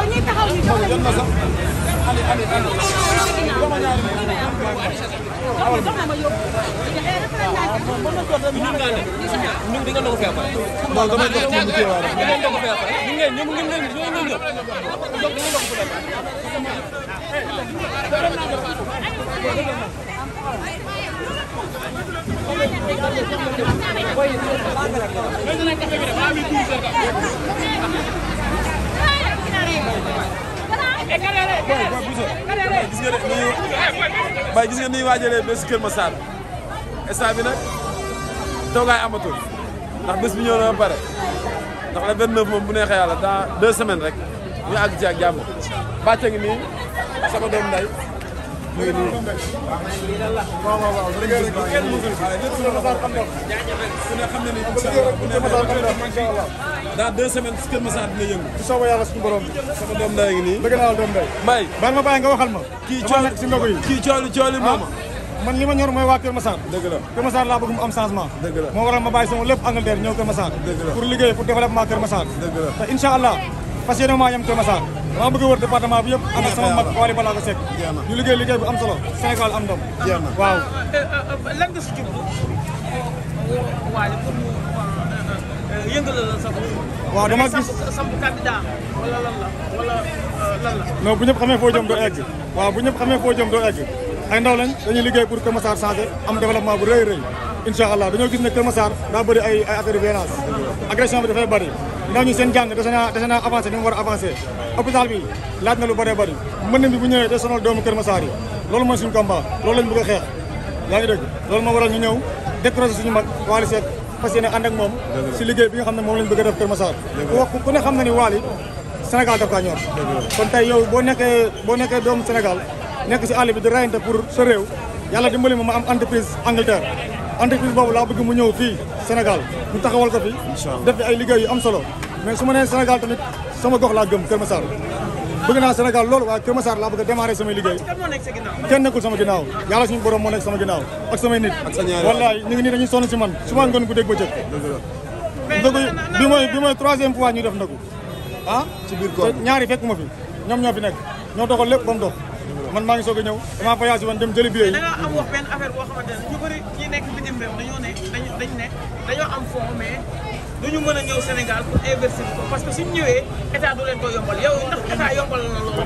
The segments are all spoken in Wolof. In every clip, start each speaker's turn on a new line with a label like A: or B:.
A: yow ñuy taxaw ñu jox leen ma ani ani ani dama ñaari ma jox ma yow ñu di nga ndogu fee pare non dama jox ci mu teewaare di nga ndogu fee pare ñu ngeen ñoom ngeen leen ñu ngeen ñëw jox di nga ndogu fee pare Thank you. booy booy Bousso gis nga ni bay gis nga ni waajalee bés Kër Massar instant bi nag toogaay amatul ndax bés bi na ba pare ndax le 29 moom bu neexee yàlla dans deux semaines rek ñu àgg ci ak ngi nii sama ngi nii waaw ma saa xam na ni incha allah ku ne xam na
B: ma bàyyi nga waxal ma kii cooli si ndogu yi kii cooli cooli man li ñor mooy waa Kër Massar dëgg la Kër Massar laa bëgg mu am moo waral ma bàyyi sama lépp Angleterre ñëw Kër Massar pour liggéey pour développement Kër Massar dëgg la te incha allah fas yéene maa yem Kër Massar maa bëgg a wër département bi yëpp ànd ak sama mag Wally Ballago Seck ñu liggéey liggéey bu am solo Sénégal am ndam waaw
A: euh, euh, euh, sa bopp waaw dama gis samp
B: bu ñëpp xamee foo jëm doo egg waaw bu ñëpp xamee foo jëm doo egg ay ndaw lañ dañuy liggéey pour Kër Massar changé am développement bu rëy rëy incha allah dañoo gis ne Kër Massar daa bëri ay ay agression bi dafay bari ndaw ñu seen jang dese naa dese naa avancer ni mu war avancer hôpital bi laat na lu bari bari mën bi bu ñëwé da sonal doomu Kër Massar loolu mo suñu combat loolu lañ bëgg xex xeex yaa ngi dégg loolu mo waral ñu ñëw décrocher suñu mag Wally Seck fas yéene and ak mom ci liggéey bi nga xamne mom lañ bëgg def Kër Massar ku ne xamna ni wali Sénégal da ko ñor kon tay yow bo nekkee bo nekkee doomu Sénégal nekk ci all bi di rayante pour sa réew yalla dimbali ma ma am entreprise Angleterre entreprise boobu laa bëgg mu ñëw fii Sénégal ñu taxawal ko fi. def fi ay liggéey yu am solo. mais su ma nee Sénégal tamit sama gox laa gëm Kër Massar naa Sénégal loolu waaye Kër Massar laa bëgg a démarrer samay kenn nekkul sama ginnaaw yàlla suñu borom moo nekk sama ginnaaw ak samay nit wallaay ñu ngi nii dañuy sonn si man souvent ngoon ba jëkk ndogu bi mooy bi mooy troisième ñu def ndogu ah? ñaari fekk fi ñoom ñoo fi nekk ñoo doxal lépp ba mu dox man maa ngi soog a ñëw damaa voyage woon dem jëli billet yi. da nga am wax
A: benn affaire boo xamante ne ñu bëri ñi nekk bitim réew dañoo ne dañu dañ parce que suñu ñëwee état du leen ko yombal yow ndax état yombal na loolu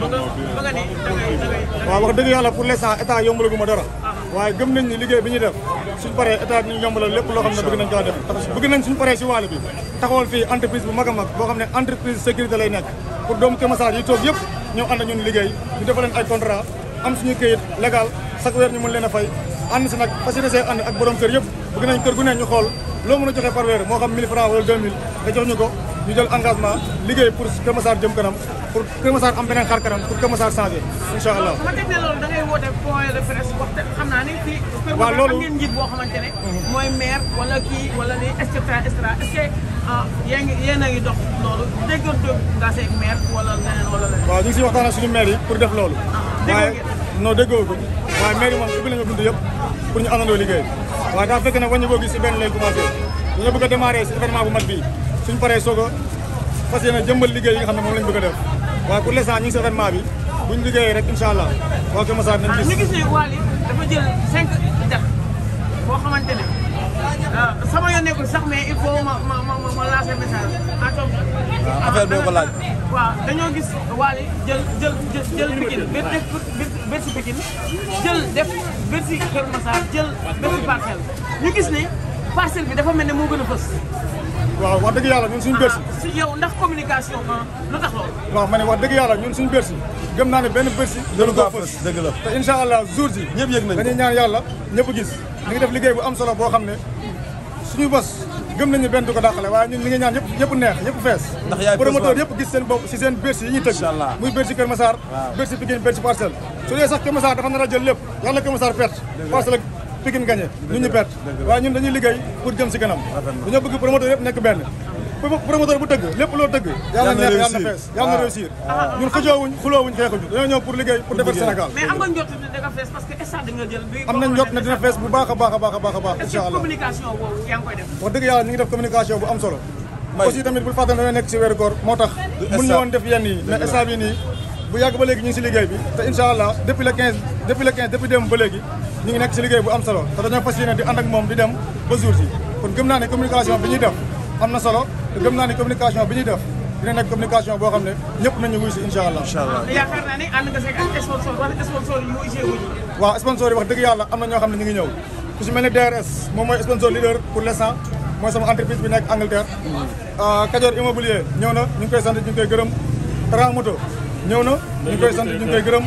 A: ba nga ni da ngay
B: da ngay. waaw wax dëgg yàlla pour l'instant état yombalagu ma dara. Ah. waaye gëm nañ liggéey bi ñu def suñu paree état ñu yombalal lépp loo xam ne bëgg nañ kaa def bëgg nañ suñu paree si wàll bi taxawal fii entreprise bu mag a mag boo xam ne entreprise sécurité lay nekk pour doomu Keur Massar yi toog yëpp ñëw ànd ak ñun liggéey ñu defal ay contrat am suñu këyit légal chaque weer ñu mën leen a fay ànd si nag facilité see ànd ak borom kër yëpp bëgg nañ kër ñu xool loo mën a joxe par weer moo xam 1000 francs wala 2000 nga jox ñu ko ñu jël engagement liggéey pour Kër Massar jëm kanam pour Kër Massar am beneen xar kanam pour Kër Massar changé incha allah.
A: ma loolu mhm. mooy maire wala kii wala nii et cetera et cetera est-ce ah, a ngi dox loolu déggantu
B: ñu si siy waxtaan ak suñu maire yi pour def loolu. Ah. waaye non déggoo ko waaye maire yi moom ubbi nañu bunt yëpp pour ñu liggéey waaye daa fekk ne wàññi boo gis si benn lay commencé dañoo bëgg a démarrer si événement bu mat bii suñ paree soog a fas yéene jëmbal liggéey yi nga xam ne moom lañ bëgg a def waaye pour l'instant ñu ngi si événement bi buñ liggéeyee rek incha allah waa Kër Massar nañ gis. Ah, ñu gis ne Wally
A: dafa jël nga nekkul sax mais il faut ma ma ma ma lancer message en tout cas. affaire boobu laaj. waaw dañoo gis Wally jël jël jël Pikine ba def ba si Pikine jël def ba si Kër Massar jël ba si parcelle ñu gis ne parcelle bi dafa
B: mel ne moo gën a fës. waaw wax dëgg yàlla ñun suñu Bercy.
A: Ah, si yow ndax communication ah, lu tax
B: loolu. waaw ma ne wax dëgg yàlla ñun suñu Bercy gëm naa ne benn Bercy. gënu ko fës dëgg la te incha allah jour ji. ñëpp yëg nañu dañuy ñaan yàlla ñëpp gis. ñu ngi def liggéey bu am solo boo xam ne. suñu bos gëm nañu benn du ko waaye ñun li ñaan yëpp neex yëpp fees ndax yëpp gis seen bopp si seen Bercy yi ñuy tëgg muy Bercy Kër Massar Bercy Pikine Bercy Parcelles su dee sax Kër Massar dafa nar a jël lépp Kër Massar perte Parcelles Pikine gagné ñun ñu perte waaye ñun dañuy liggéey pour jëm si kanam dañoo bëgg promoteur yëpp nekk benn promoteur bu dëgg lépp loo dëgg yàlla neex yàlla fees yàlla ah. réussir ñun xëjoowuñ xuloowuñ xeexuñu dañoo ñëw pour liggéey pour defar Sénégal am nga njot ne dina fees bu baax a baax a baax a allah
A: communication boobu
B: yaa ngi koy def communication bu am solo aussi tamit bul fàttali si weeru moo tax mun ñu woon bu yàgg ba léegi ñu si liggéey bi te incha allah depuis le 15 depuis le ba léegi ñu nekk si liggéey bu am te dañoo fas yéene di ànd moom di dem ba te gëm naa ne communication bi ñuy def dina nekk communication boo xam ne ñëpp nañu wuy si incha allah. incha allah ah, yaakaar
A: naa ne ànd nga seeg ak sponsor wala sponsor yi wuy see wuñu.
B: waaw sponsor yi wax dëgg yàlla am na ñoo xam ne ñu ngi ñëw ku si mel ne DRS moom mooy sponsor leader pour l'instant mooy sama entreprise bi nekk Angleterre. Mm. Ah, Kajoor immobilier ñëw na ñu ngi koy sant ñu ngi koy gërëm. Tra moto ñëw na ñu ngi koy sant ñu ngi koy gërëm.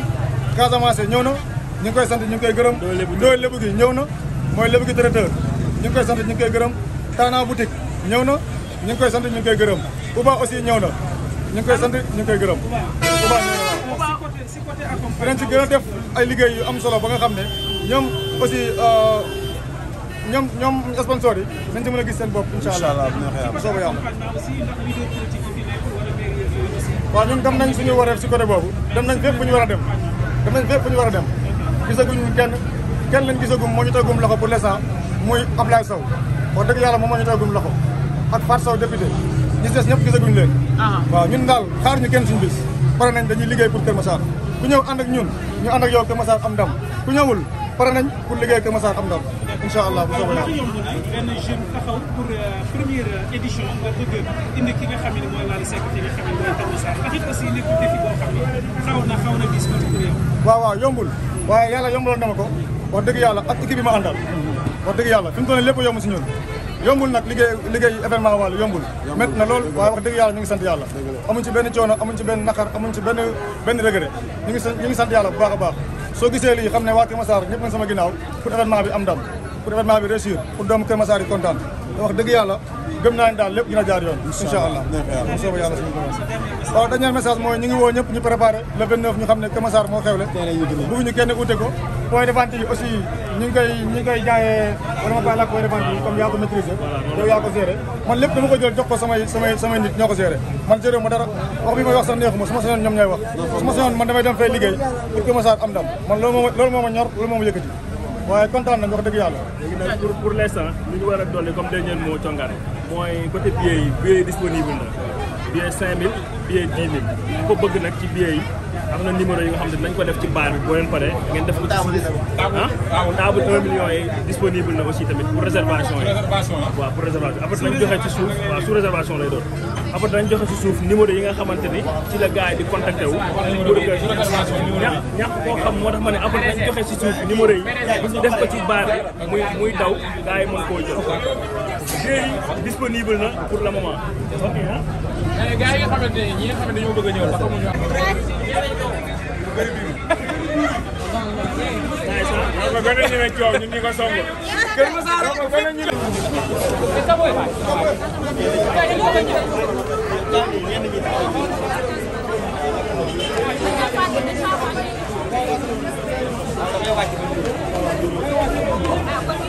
B: Casamance ñëw na ñu ngi koy sant ñu ngi koy gërëm. Ndoye Lébu gi ñëw na mooy Lébu gi traiteur ñu ngi koy sant ñu ngi koy gërëm. Tana boutique ñëw na ñu ngi koy sant ñu ngi koy gërëm Ouba aussi ñëw na ñu ngi koy sant ñu ngi koy gërëm Ouba ñëw na waaw dinañ si gën a def ay liggéey yu am solo ba nga xam ne ñoom aussi euh, ñoom ñoom sponsor yi nañ ci mën a gis seen bopp incha allah soobu yàlla waaw ñun dem nañ suñu wareef si côté boobu dem nañ fépp bu ñu war a dem dem nañ fépp bu ñu war a dem gisaguñ kenn kenn lañ gisagum moo ñu tegum loxo pour l'instant muy Ablaye Sow wax dëgg yàlla moom moo ñu tegum loxo ak Fatou Sow député ñi des ñëpp gisaguñ leen waaw ñun daal xaar ñu kenn suñu bis pare nañ dañuy liggéey pour Kër Massar ku ñëw ànd ak ñun ñu ànd ak yow Kër Massar am dam ku ñëwul pare nañ pour liggéey Kër am ndam incha allah bu soobee yàlla.
A: benn jeune taxaw pour euh, première euh, édition nga bëgg indi ki nga na ko pour
B: waaw waaw yombul waaye yàlla yombaloon dama ko wax dëgg yàlla ak équipe bi ma àndal wax yàlla fi mu toll lépp yomb si ñun yombul nag liggéey événement wàll yombul métt na lool waaye wax dëgg yàlla ñu ngi sant yàlla amuñ ci benn coono amuñ ci benn naqar amuñ ci benn benn regret ñu ngi sant yàlla baax baax soo gisee xam ne waa Kër Massar nga sama ginnaaw pour événement bi am ndam pour événement bi réussir pour doomu Kër Massar kontaan wax dëgg yàlla gëm naa ni daal lépp dina jaar yoon incha allah bu soobee yàlla suñu borom waaw dernier message moo ko la jël jox ko samay nit ñoo ko géré man géré ma dara wax bi may wax sax neexuma su ma sañoon ñoom ñooy wax su ma sañoon man damay dem fay liggéey pour Keur
A: moo loolu mooy côté billet yi billet disponible na billet 5000 billet 10 000 ku ko bëgg nag ci billet yi am na numéro yi nga xam ne nañ ko def ci baar bi boo leen paree ngeen def ko ci ah table 1 million yi na aussi tamit pour réservation yi ah. waaw pour réservation après nañ joxe ci suuf waaw sous réservation lay doon après nañ joxe ci suuf numéro yi nga xamante ni ci la gars yi di contacté wu pour que ñax ñax koo xam moo tax ma ne après nañ joxe ci suuf numéro yi buñ def ko ci baar muy muy daw gars koo jël billet yi disponible na pour le moment ah. mais gars yi nga xamante ne ñi nga xamante ne ñoo
B: bëgg a ñëw ndax amuñu wax. ba gën a ñëwee coow ñun ñu ko song.
A: Kër Masar ba gën a ñëwee. Thank you.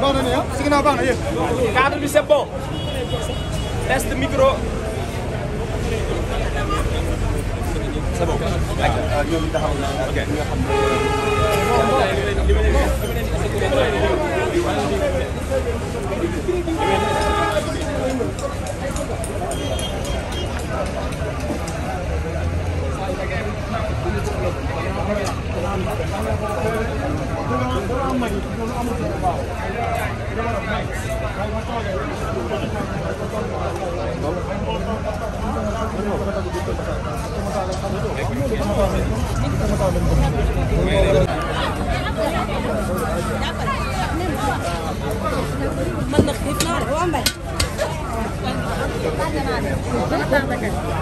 B: baax na nii ah si ginnaaw baax na yéen. cadre bi c'est bon. test micro.
A: c'est bon. ñoom taxaw na ak ñi nga xam ne.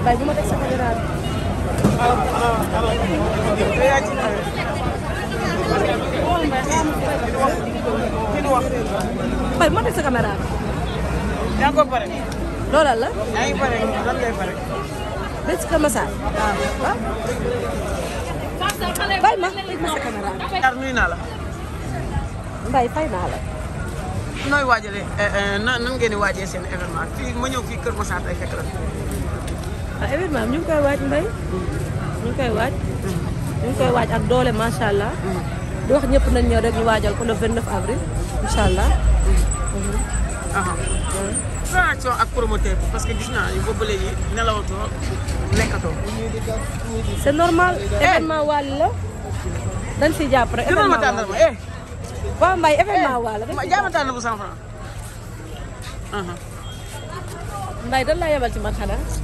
B: Bay bu ma teg sa caméra
A: Mbay ma teg sa caméra bi. yaa ngi ko pare. loolal la. yaa ngi pare lan lay pare. des ko message. waaw. Ah. Mbay ma teg sa caméra bi. Ndar naa la. Mbay fay naa la. nooy waajalee eh, eh, nan ngeen di waajee seen événement fii ma ñëw fii Kër Massar ay fekk la. Ah, eh, waaw événement ñu ngi koy waaj
B: mbay ñu ngi koy waaj ak doole macha allah di wax ñëpp nañ ñëw rek ñu waajal ko le 29 avril incha allah ah, ah.
A: relation ak promoteur bi parce que gis naa yu ba léegi nelawatoo nekkatoo c'est normal eh. événement
B: la dañ si jàpp rek événement wàll la eh. waaw mbay événement wàll la jaamataan na bu dañ laa yebal ci